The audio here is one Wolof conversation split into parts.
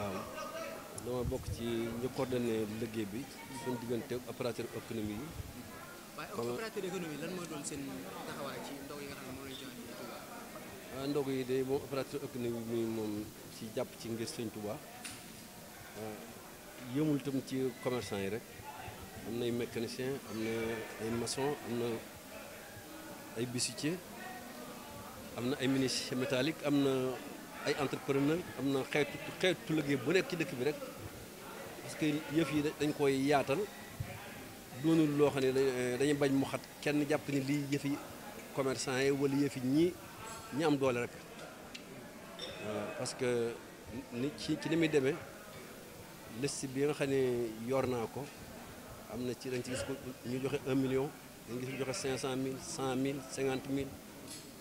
waaw dama bokk ci ñu coordonné liggéey bi suñu diggante opérateur économie yi. waaye opérateur économie lan mooy doon seen taxawaay ci ndog yi nga xam ne moom la ñu ah, yi de moom opérateur économie bi moom ci jàpp ci ngir sëñ Touba ah, yëmul itam ci commerçant yi rek am na ay mécanicien am na ay maçon am na ay bijoutier am na ay menuisier métallique am na. ay entrepreneur am na xeetu xeetu liggéey bu nekk ci dëkk bi rek parce que yëf yi dañ koy yaatal doonul loo xam ne eh, dañuy bañ mu xat kenn jàpp ni lii yëfi commerçant yi wala yëfi ñi ñu am doole rek euh, parce que ni ci ci ni muy demee liste bi nga xam ne yor naa ko am na ci dañ ci gis ko ñu joxe un million dañ gis joxe cinq cent mille cent mille cinquante mille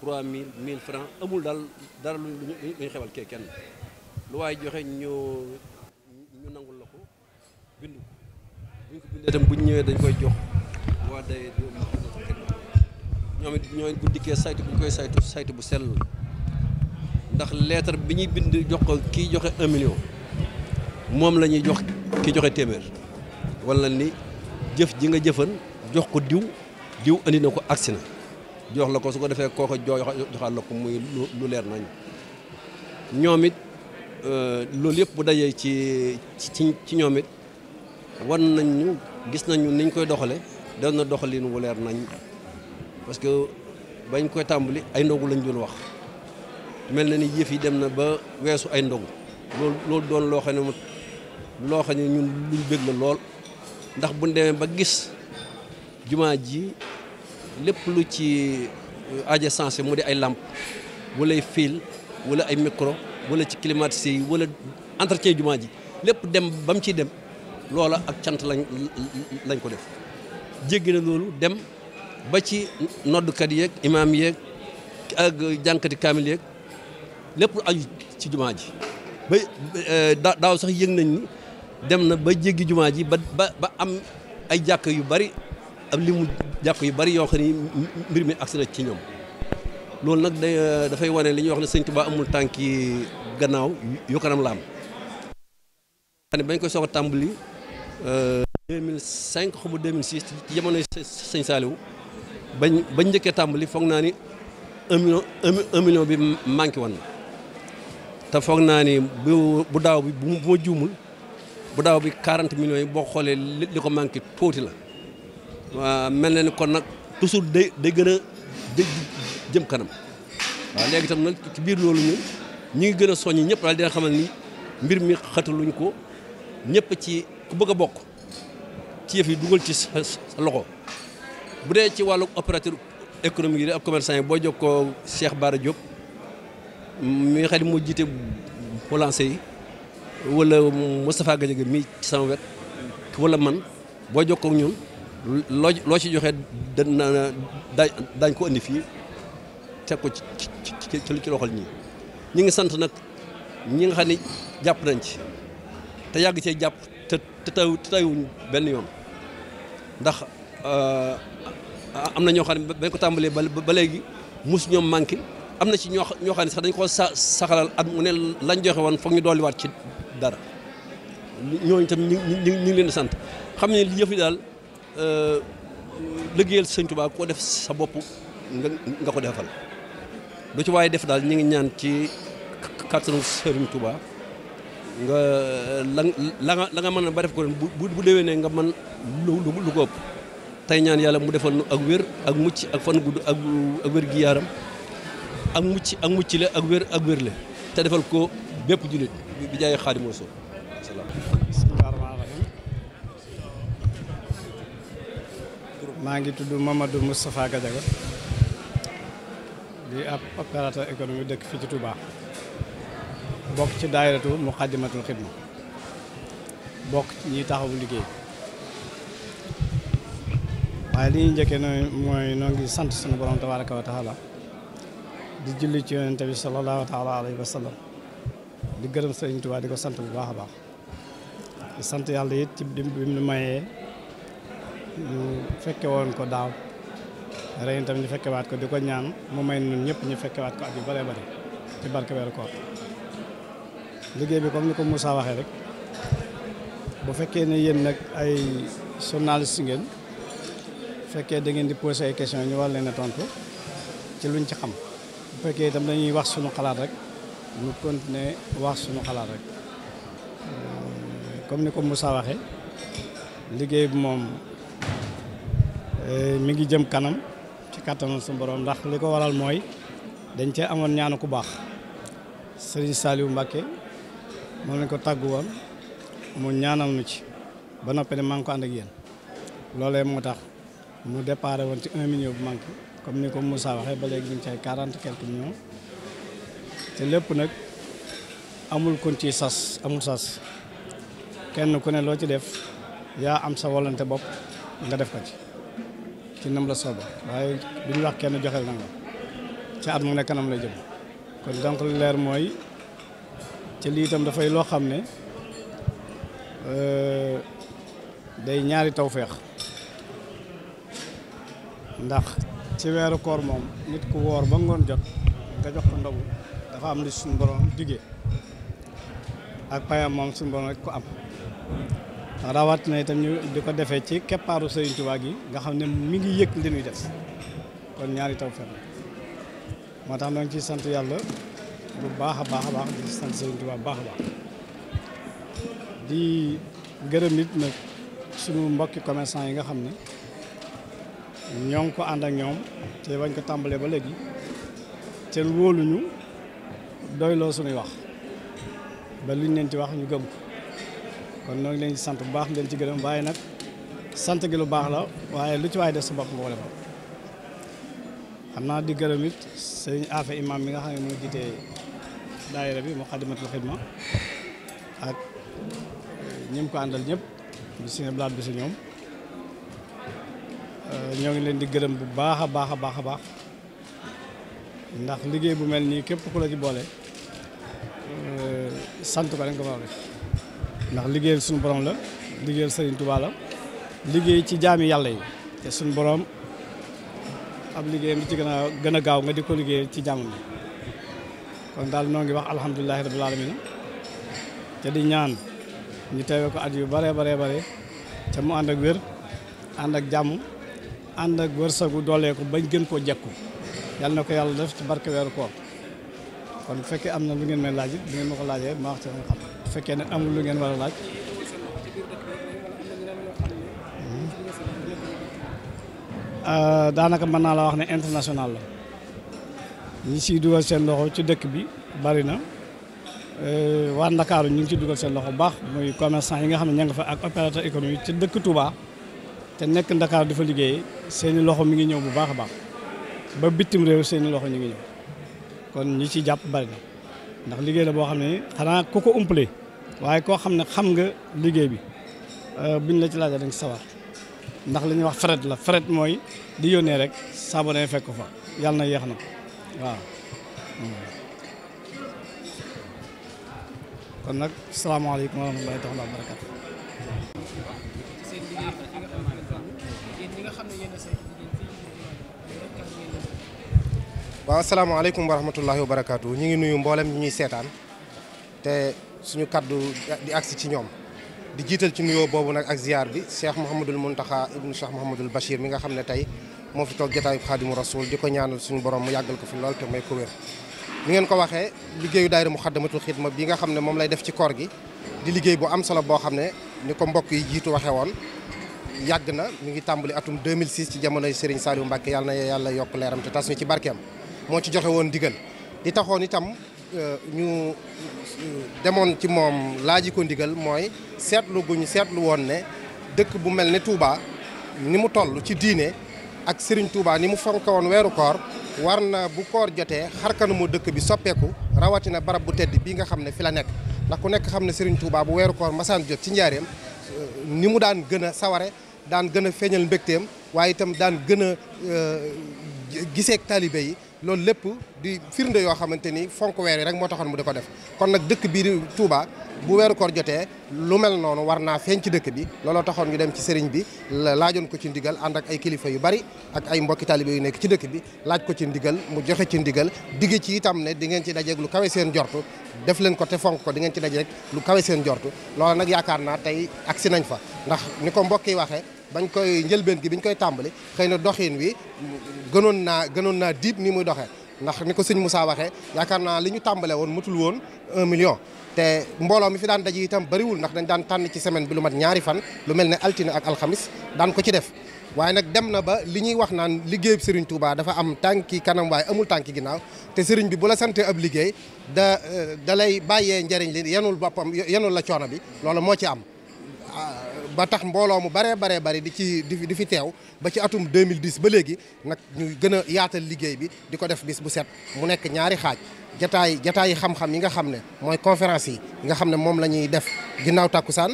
trois mille mille francs amul daal dara lu ñu xewal kee kenn lu waaye joxe ñu ñu nangul la ko bindu buñ ko bindee tam buñ ñëwee dañ koy jox waa day ñoom it ñoo bu saytu bu ñu koy ndax lettre bi ñuy bind jox ko kii joxe un million moom lañuy jox ki joxe téeméer walla ni jëf ji nga jëfan jox ko diw diw andi na ko agsi na jox la ko su ko defee kooko joxaat la ko muy lu leer nañ ñoom it euh, loolu yëpp bu dajee ci ci ci ñoom it war nañ ñu gis nañu niñ koy doxale def na doxalin wu leer nañ parce que bañ koy tàmbali ay ndogu lañ doon wax mel na ni yëf yi dem na ba weesu ay ndogu loolu doon loo xam ne loo xam ne ñun luñ bëgg lool ndax buñ demee ba gis jumaa ji lépp lu ci euh, aja sensé mu di ay làmp wala ay fil wala ay micro wala ci climatisé yi wala entretien jumaa ji lépp dem ba mu ciy dem loola ak cant lañ ko def jéggi na loolu dem ba ci noddukat yeeg imaam yeeg ak jànkati kaamil yeeg lépp aju ci jumaa ji ba euh, daaw sax yëg nañ ni dem na ba jéggi jumaa ji ba ba am ay jàkk yu bari ab li mu jàkk yu bari yoo xam mbir mi agsi na ci ñoom loolu nag day euh, dafay wane li ñuy wax ne sëñ Tuubaa amul tànki gannaaw yu kanam laam xam ne bañ koy soog a tàmbali 2005 euh, xaw ma 2006 ci jamonoy sëñ Saaliw bañ bañ njëkkee tàmbali foog naa ni un million un million bi manqué woon te foog naa ni bu bu daaw bi bu mu ma juumul bu daaw bi 40 millions yi boo xoolee li ko manqué tuuti la waa mel na ni kon nag toujours day day gën a day jëm kanam waaw léegi itam nag ci biir loolu ñun ñu ngi gën a soññ ñëpp daal dina xamal ni mbir mi xataluñ ko ñëpp ci ku bëgg a bokk ci yi dugal ci sa loxo bu dee ci wàllu opérateur économie yi ak commerçant yi boo jokkoo Cheikh Bara Diop mi nga xam ne moo jiite mu lancé yi wala Moustapha Gadiaga mi ci sama wet wala man boo jokkoo ak ñun. loo loo ci joxe dana dañ ko indi fii teg ko ci ci ci loxol ñi ñi ngi sant nag ñi nga xam ne jàpp nañ ci te yàgg cee jàpp te te tayuñ benn yoon ndax euh, am na ñoo xam ne bañ ko tàmbalee ba léegi mus ñoom manqué am na ci ñoo ñoo xam ne sax dañ koo sa saxalal at mu ne lañ joxe woon foog ñu dolliwaat ci dara ñooñu tam ñu ngi leen di sant xam ne yëf yi daal. Euh, liggéeyal sëñ Tuubaa koo def sa bopp nga nga ko defal lu ci waaye def daal ñu ngi ñaan ci kàttanu sëriñ Tuubaa nga la la nga mën a ba def ko ren bu bu déwénee nga man lu lu ko ëpp tey ñaan yàlla mu defal nu ak wér ak mucc ak fan gudd ak ak wér gi yaaram ak mucc ak mucc le ak wér ak wér le te defal ko bépp jullit bi jaay Xaadimu Rasuul maa ngi tudd Mamadou Moustapha Gadiaga di ab opérateur économique dëkk fii ci tubaa bokk ci daayiratu Muqaddimatul Xidma bokk ñi ñiy taxawu liggéey waaye li ñuy njëkkee no mooy noo ngi sant sunu borom tabaraka wa taala di julli ci yonente bi sallallahu taala alayhi wa sallam di gërëm sëriñ Touba di ko sant bu baax a baax di sant yàlla it ci bi mu mayee ñu fekke woon ko daaw ren itam ñu fekkewaat ko di ko ñaan mu may nun ñëpp ñu fekkewaat ko at yu bëree bëri ci barke weeru koor liggéey bi comme ni ko Moussa waxee rek bu fekkee ne yéen nag ay journaliste ngeen fekkee da ngeen di posé ay questions ñu war leen a tontu ci luñ ci xam bu fekkee itam dañuy wax suñu xalaat rek ñu continuer wax suñu xalaat rek euh, comme ni ko Moussa waxee liggéey bi moom Eh, mi ngi jëm kanam ci kàttanal suñu ndax li ko waral mooy dañ cee amoon ñaanu ku baax Serigne Saliou Mbacke moo lañ ko tàgg woon mu ñaanal nu ci ba noppee ne maa ngi ko ànd ak yéen loolee moo tax mu déparé woon ci un million bu manqué comme ni ko Moussa waxee ba léegi ñu ngi ci ay quarante quelques millions te lépp nag amul kon ci sas amul sas kenn ku ne loo ci def yaa am sa wollante bopp nga def ko ci. ci nam la sooba waaye duñu wax kenn joxel na nga ci at mu ne kanam la jëm kon donc lu leer mooy ci lii itam dafay loo xam ne euh, day ñaari tawféex ndax ci weeru koor moom nit ku woor ba ngoon jot nga jox ko ndogu dafa am li suñu borom ak payam moom suñu borom ko am rawatina itam ñu di ko defee ci keppaaru Serigne Touba gi nga xam ne mu ngi yëg li ñuy des kon ñaari taw fenn moo tax ñoo ngi ciy sant yàlla bu baax a baax a baax di sant Serigne Touba baax a baax di gërëm nit nag suñu mbokki commerçant yi nga xam ne ñoo ngi ko ànd ak ñoom te bañ ko tàmbalee ba léegi te wóoluñu doyloo suñuy wax ba liñ leen ci wax ñu gëm kon noo ngi leen sant bu baax leen ci gërëm waaye nag sant gi lu baax la waaye lu ci waaye def sa bopp boole ko xam naa di gërëm it sëñ Afe imam mi nga xam ne moo jiite daayira bi Muxaddamatul Xidma ak ñim ko àndal ñépp bi si ñoom euh, ñoo ngi leen di gërëm bu baax a baax a baax a baax ndax liggéey bu mel nii képp ku la ci boole euh, sant ko rek ko war a ndax liggéeyal suñu borom la liggéeyal Serigne Touba liggéey ci jaami yàlla yi te suñu boroom ab liggéeyam ci gën a gën a gaaw nga di ko liggéey ci jaamu bi kon daal noo ngi wax alhamdulilahi rabil alamin te di ñaan ñu teewee ko at yu bare bare bare te mu ànd ak wér ànd ak jàmm ànd ak doolee ko bañ gën koo jekku yàlla na ko yàlla def ci barke weeru koor kon fekkee am na lu ngeen may laaj bi ngeen ma ko laajee ma wax ci nga xam fekkee ne amul lu ngeen war a laaj. Euh, daanaka mën naa la wax ne international la ñi siy dugal seen loxo ci dëkk bi bari na euh, waa Ndakaaru ñu ngi ci dugal seen loxo baax muy commerçant yi nga xam ne ña nga fa ak opérateur économique ci dëkk Touba te nekk Ndakaaru dafa liggéeyee seeni loxo mi ngi ñëw bu baax a baax ba bitim réew seeni loxo ñu ngi ñëw kon ñi ci jàpp bari ndax liggéey la boo xam ne xanaa ku ko umpale waaye koo xam ne xam nga liggéey bi euh, buñ la ci laajee da nga sawar ndax li ñuy wax fret la fret mooy di yónnee rek saabone fekk ko fa yàlla na yeex na ko hmm. kon nag salaamaaleykum wa rahmatullaahi taala wa barakaatu waaw asalaamaaleykum wa rahmatullaahi wa barakaatu ñu ngi nuyu mboolem ñi ñuy seetaan te suñu kaddu di agsi ci ñoom di jiital ci nuyoo boobu nag ak ziar bi Cheikh Mouhamadul Mountakha ibnu Cheikh Mouhamadul Bachir mi nga xam ne tey moo fi toog jotaayu Xaadimu Rasuul di ko ñaanal suñu borom mu yàggal ko fi lool te may ko wér. ni ngeen ko waxee liggéeyu daayira Muxaddamatul Xidma bi nga xam ne moom lay def ci koor gi di liggéey bu am solo boo xam ne ni ko mbokk yi jiitu waxee woon yàgg na mu ngi tàmbali atum 2006 ci jamonoy Serigne Saliou Mbacke yàlla na yàlla yokk leeram te tas ñu ci barkeem moo ci joxe woon digal li taxoon itam Euh, ñu euh, demoon ci moom laaji ko ndigal mooy seetlu gu ñu seetlu woon ne dëkk bu mel ne tuuba ni mu toll ci diine ak Serigne Touba ni mu fonk woon weeru koor war na bu koor jotee xarka na mu dëkk bi soppeeku rawatina barab bu tedd bii nga xam ne fi la nekk ndax ku nekk xam ne Serigne Touba bu weeru koor masaan jot ci njaareem euh, ni mu daan gën a saware daan gën a feeñal mbégteem waaye itam daan gën a giseek taalibe yi loolu lépp di firnde yoo xamante ni fonk weer yi rek moo taxoon mu di ko def kon nag dëkk bii di bu weeru koor jotee lu mel noonu war naa feeñ ci dëkk bi looloo taxoon ñu dem ci sëriñ bi laajoon ko ci ndigal ànd ak ay kilifa yu bari ak ay mbokki taalibe yu nekk ci dëkk bi laaj ko ci ndigal mu joxe ci ndigal digg ci itam ne di ngeen ci dajeeg lu kawe seen jortu def leen ko te fonk ko di ngeen ci dajeeg lu kawe seen jortu loola nag yaakaar naa tey agsi nañ fa ndax ni ko mbokk yi waxee bañ koy njëlbeen gi biñ koy tàmbali xëy na doxin wi gënoon naa gënoon naa diib ni muy doxee ndax ni ko sëñ Moussa waxee yaakaar naa li ñu tàmbale woon matul woon un million te mbooloo mi fi daan daje itam bëriwul ndax dañ daan tànn ci semaine bi lu mat ñaari fan lu mel ni altine ak alxamis daan ko ci def waaye nag dem na ba li ñuy wax naan liggéeyub Serigne Touba dafa am tànki kanam waaye amul tànki ginnaaw te Serigne bi bu la sante ab liggéey da da lay bàyyee njëriñ li yenul boppam yenul la coono bi loolu moo ci am ba tax mbooloo mu baree baree bari di ci di fi teew ba ci atum 2010 ba léegi nag ñu gën a yaatal liggéey bi di ko def bis bu set mu nekk ñaari xaaj jataay jataay yi xam-xam yi nga xam ne mooy conférence yi nga xam ne moom la ñuy def ginnaaw tàkkusaan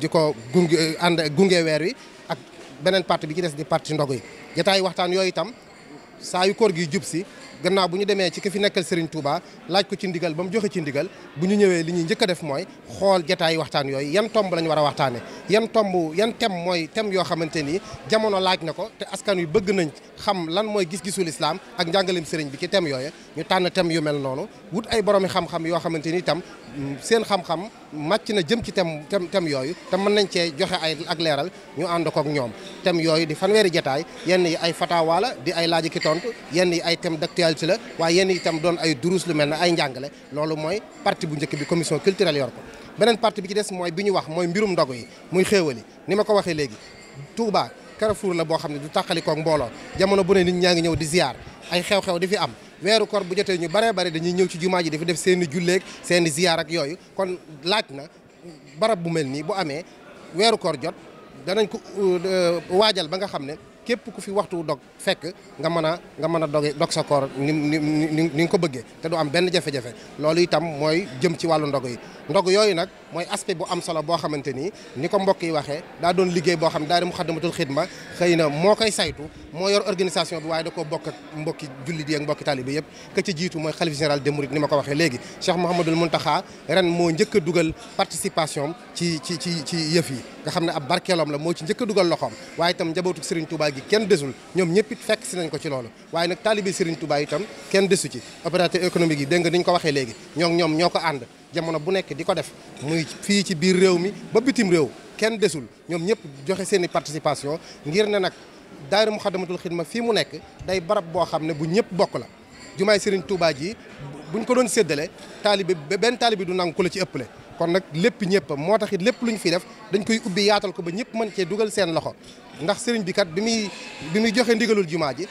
di ko gunge ànd gunge weer wi ak beneen parti bi ci des di parti ndog yi jataay waxtaan yooyu itam saa yu koor gi jub si gannaaw bu ñu demee ci ki fi nekkal Serigne Touba laaj ko ci ndigal ba mu joxe ci ndigal bu ñu ñëwee li ñuy njëkk a def mooy xool jataay waxtaan yooyu yan tomb lañu war a waxtaane yan tomb yan tem mooy tem yoo xamante ni jamono laaj na ko te askan wi bëgg nañ xam lan mooy gis-gisu lislaam ak njàngalem Serigne bi ci tem yooyu ñu tànn tem yu mel noonu wut ay boroomi xam-xam yoo xamante ni itam mm, seen xam-xam na jëm ci tem tem tem yooyu te mën nañ cee joxe ay ak leeral ñu ànd kook ñoom tem yooyu di fanweeri jataay yenn yi ay fatawa di ay laaj ki tontu yenn yi ay tem d'actualité spiritualité la waaye yenn itam doon ay durus lu mel ne ay njàngale loolu mooy partie bu njëkk bi commission culturelle yor ko beneen partie bi ci des mooy bi ñu wax mooy mbirum ndogu yi muy xéewali ni ma ko waxee léegi Touba Carrefour la boo xam ne du tàqali koog mbooloo jamono bu ne nit ñaa ngi ñëw di ziar ay xew-xew di fi am weeru bu jotee ñu baree bare dañuy ñëw ci jumaa ji dafa def seen i julleeg seen i ziar ak yooyu kon laaj na barab bu mel nii bu amee weeru koor jot danañ ko euh, waajal ba nga xam ne képp ku fi waxtu dog fekk nga mën a nga mën a doge dog sa koor ni ni ni nga ko bëggee te du am benn jafe-jafe loolu itam mooy jëm ci wàllu ndog yi ndog yooyu nag mooy aspect bu am solo boo xamante ni ni ko mbokk yi waxee daa doon liggéey boo xam daa di Muxaddamatul Xidma xëy na moo koy saytu moo yor organisation bi waaye da koo bokk ak mbokki jullit yi ak mbokki taalibe yëpp ka ci jiitu mooy xalif général des mourides ni ma ko waxee léegi Cheikh Mouhamadul Mountakha ren moo njëkk a dugal participation ci ci ci ci yëf yi nga xam ne ab barkeeloom la moo ci njëkk a dugal loxoom waaye itam njabootu Serigne Touba gi kenn desul ñoom ñëpp it fekk si nañ ko ci loolu waaye nag taalibe Serigne Touba itam kenn desu ci opérateur économique yi dégg nga ni ko waxee léegi ñoom ñoom ñoo ko ànd jamono bu nekk di ko def muy fii ci biir réew mi ba bitim réew kenn desul ñoom ñëpp joxe seen i participation ngir ne nag daayira Muxaddamatul Xidma fii mu nekk day barab boo xam ne bu ñëpp bokk la jumaay Serigne Touba ji buñ ko doon séddale taalibe benn taalibe du nangu ku la ci ëppale kon nag lépp ñëpp moo tax it lépp lu ñu fi def dañ koy ubbi yaatal ko ba ñëpp mën cee dugal seen loxo ndax sëriñ bi kat bi muy bi muy joxe ndigalul jumaa ji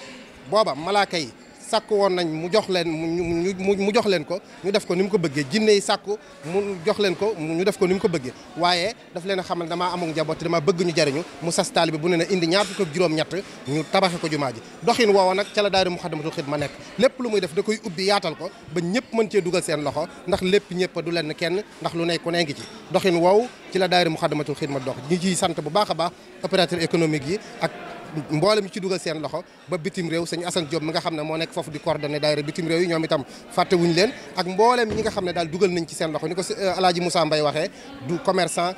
booba malaaka yi sàkk woon nañ mu jox leen mu mu jox leen ko ñu def ko ni mu ko bëggee jinne yi sàkk mu jox leen ko ñu def ko ni mu ko bëggee waaye daf leen a xamal damaa amul njaboot damaa bëgg ñu jariñu mu sas taalibe bu ne na indi ñaar fukk ak juróom-ñett ñu tabaxe ko jumaa ji doxin woowa nag ca la daayira Muxaddamatul Xidma nekk lépp lu muy def da koy ubbi yaatal ko ba ñëpp mën cee dugal seen loxo ndax lépp ñëpp du leen kenn ndax lu nekk ku ne ngi ci doxin woow ci la daayira Muxaddamatul Xidma dox ñi ciy sant bu baax a baax opérateur économique yi ak mboolem ñu ci dugal seen loxo ba bitim réew sëñ Assane Diop mi nga xam ne moo nekk foofu di coordonné daayira bitim réew yi ñoom itam fàttewuñu leen ak mboolem ñi nga xam ne daal dugal nañ ci seen loxo ni ko Alaaji Moussa Mbaye waxee du commerçant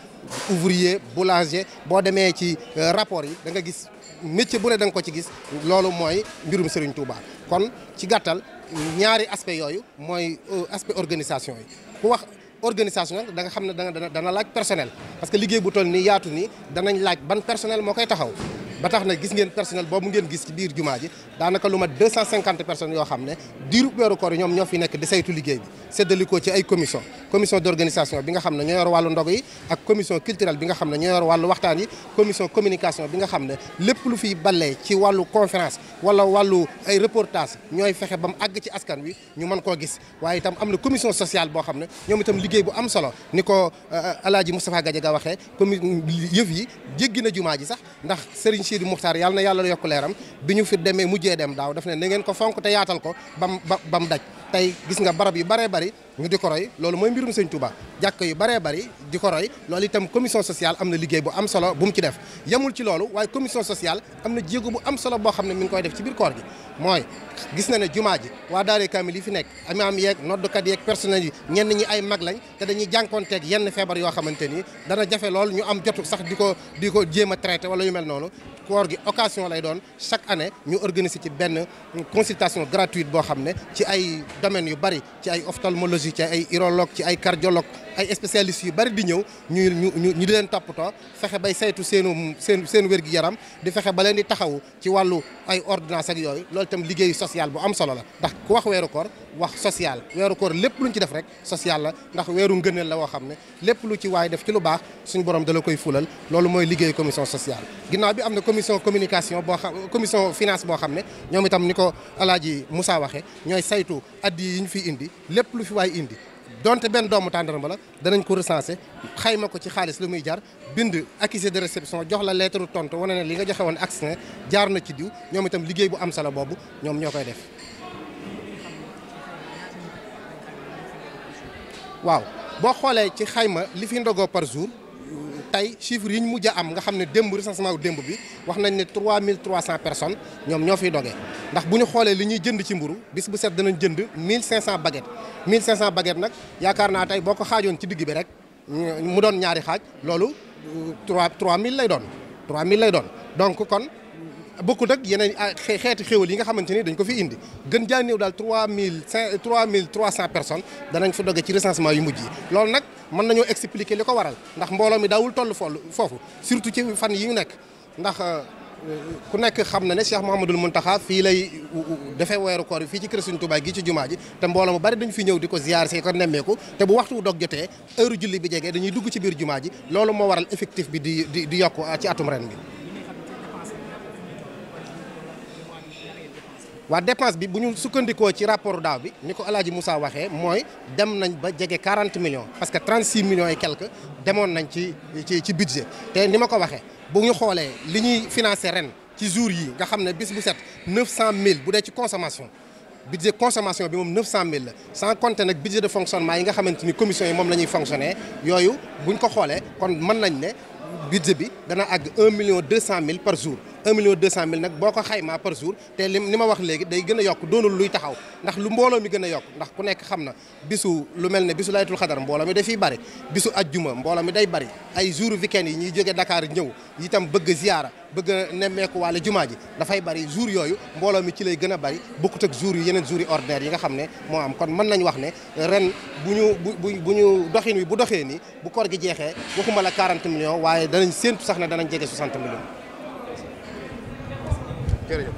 ouvrier boulanger boo demee ci euh, rapport yi da nga gis métier bu ne da nga ko ci gis loolu mooy mbirum Serigne Touba kon ci gàttal ñaari aspect yooyu mooy euh, aspect organisation yi ku wax organisation nag da nga xam ne dana dana laaj personnel parce que liggéey bu toll nii yaatu nii danañ laaj ban personnel moo koy taxaw ba tax na gis ngeen personnel boobu ngeen gis ci biir jumaa ji daanaka lu mat 250 personnes yoo xam ne diiru weeru koor yi ñoom ñoo fi nekk di saytu liggéey bi séddali ko ci ay commission commission d'organisation bi nga xam ne ñoo yor wàllu ndog yi ak commission culturelle bi nga xam ne ñoo yor wàllu waxtaan yi commission communication bi nga xam ne lépp lu fiy ballee ci wàllu conférence wala wàllu ay reportage ñooy fexe ba mu àgg ci askan wi ñu mën koo gis waaye itam am na commission sociale boo xam ne ñoom itam liggéey bu am solo ni ko euh, Alaaji Moustapha Gadiaga waxee commune yëf yi jéggi na jumaa ji sax ndax sëriñ Sidi Muxtaar yàlla na yàlla yokk leeram bi ñu fi demee mujjee dem daaw def ne na ngeen ko fonk te yaatal ko bam ba bam daj tey gis nga barab yu baree bari ñu di ko roy loolu mooy mbirum sëñ tubaa jàkk yu baree bari di ko roy loolu itam commission sociale am na liggéey bu am solo bu mu ci def yemul ci loolu waaye commission sociale am na jéego bu am solo boo xam ne mu ngi koy def ci biir koor gi mooy gis na ne jumaa ji waa daare kaamil yi fi nekk am am imaam yeeg noddukat yeeg personnel yi ñenn ñi ay mag lañ te dañuy jànkoonteeg yenn feebar yoo xamante ni dana jafe loolu ñu am jotu sax di ko di ko jéem a traité wala yu mel noonu koor gi occasion lay doon chaque année ñu organiser ci benn consultation gratuite boo xam ne ci ay domaines yu bari ci ay ophtalmologie ci ay urologue ci ay cardiologue ay spécialistes yu bari di ñëw ñu ñu ñu di leen toppatoo fexe bay saytu seenu seen seen wér gu yaram di fexe ba leen di taxawu ci wàllu ay ordonnance ak yooyu loolu itam liggéeyu social bu am solo la ndax ku wax weeru koor wax social weeru koor lépp lu ñu ci def rek social la ndax weeru ngëneel la woo xam ne lépp lu ci waaye def ci lu baax suñ borom dala koy fulal loolu mooy liggéeyu commission sociale ginnaaw bi am na commission communication boo xam commission finance boo xam ne ñoom itam ni ko Alaaji Moussa waxe ñooy saytu addiya yi ñu fiy indi lépp lu fi waay indi donte benn doomu tàndarma la danañ ko recensé xayma ko ci xaalis lu muy jar bind accusé de réception jox la lettre tontu wane ne li nga joxe woon accès ne jaar na ci diw ñoom itam liggéey bu am solo boobu ñoom ñoo koy def. waaw boo xoolee ci xayma li fi ndogoo par jour. tey chiffre yi ñu mujj a am nga xam ne démb recensement wu démb bi wax nañ ne 3300 personnes ñoom ñoo fiy dogee ndax bu ñu xoolee li ñuy jënd ci mburu bis bu set danañ jënd 1500 baguettes 1500 baguettes nag yaakaar naa tey boo ko xaajoon ci digg bi rek mu doon ñaari xaaj loolu 3 mille lay doon 3000 lay doon donc kon bokkut ak yeneen xeeti xéwal yi nga xamante ni dañ ko fi indi gën jaa néew daal 3000 5 3300 personnes danañ fa doge ci recensement yu mujj yi loolu nag. mën nañoo expliquer li ko waral ndax mbooloo mi daawul toll foofu surtout ci fan yi ñu nekk ndax euh, ku nekk xam na ne Cheikh mun Mountakha fii lay defee weeru koor bi fii ci kër Sëriñ Tuubaa gi ci jumaa ji te mbooloo mu bari dañu fi ñëw di ko ziar si ko nemmeeku te bu waxtu dog jotee heure julli bi jegee dañuy dugg ci biir jumaa ji loolu moo waral effectif bi di di di yokk uh, ci atum ren bi waa dépense bi bu ñu sukkandikoo ci rapport daaw bi ni ko El Hadj Moussa waxee mooy dem nañ ba jege 40 millions parce que 36 millions et quelques demoon nañ ci ci ci budget te ni ma ko waxee bu ñu xoolee li ñuy financé ren ci jour yi nga xam ne bis bu set 900000 bu dee ci consommation budget consommation bi moom 900000 la sans compter nag budget de fonctionnement yi nga xamante ni commission yi moom la ñuy yooyu bu ñu ko xoolee kon mën nañ ne budget bi dana àgg 1 million 200 mille par jour. un million deux cent mille nag boo ko xaymaa par jour te li li ma wax léegi day gën a yokk doonul luy taxaw ndax lu mbooloo mi gën a yokk ndax ku nekk xam na bisu lu mel ne bisu laytul xadar mbooloo mi dafiy bari bisu ajjuma mbooloo mi day bari ay jour weekend yi ñuy jege Dakar ñëw itam bëgg ziyaara bëgg a nemmeeku wàlla jumaa ji dafay bari jour yooyu mbooloo mi ci lay gën a bari bokkut ak jour yu yeneen jour yi ordinaire yi nga xam ne moo am kon mën nañ wax ne ren bu ñu bu bu ñu doxin wi bu doxee nii bu koor gi jeexee waxuma la 40 millions waaye danañ séentu sax ne danañ jege 60 millions jërëjëf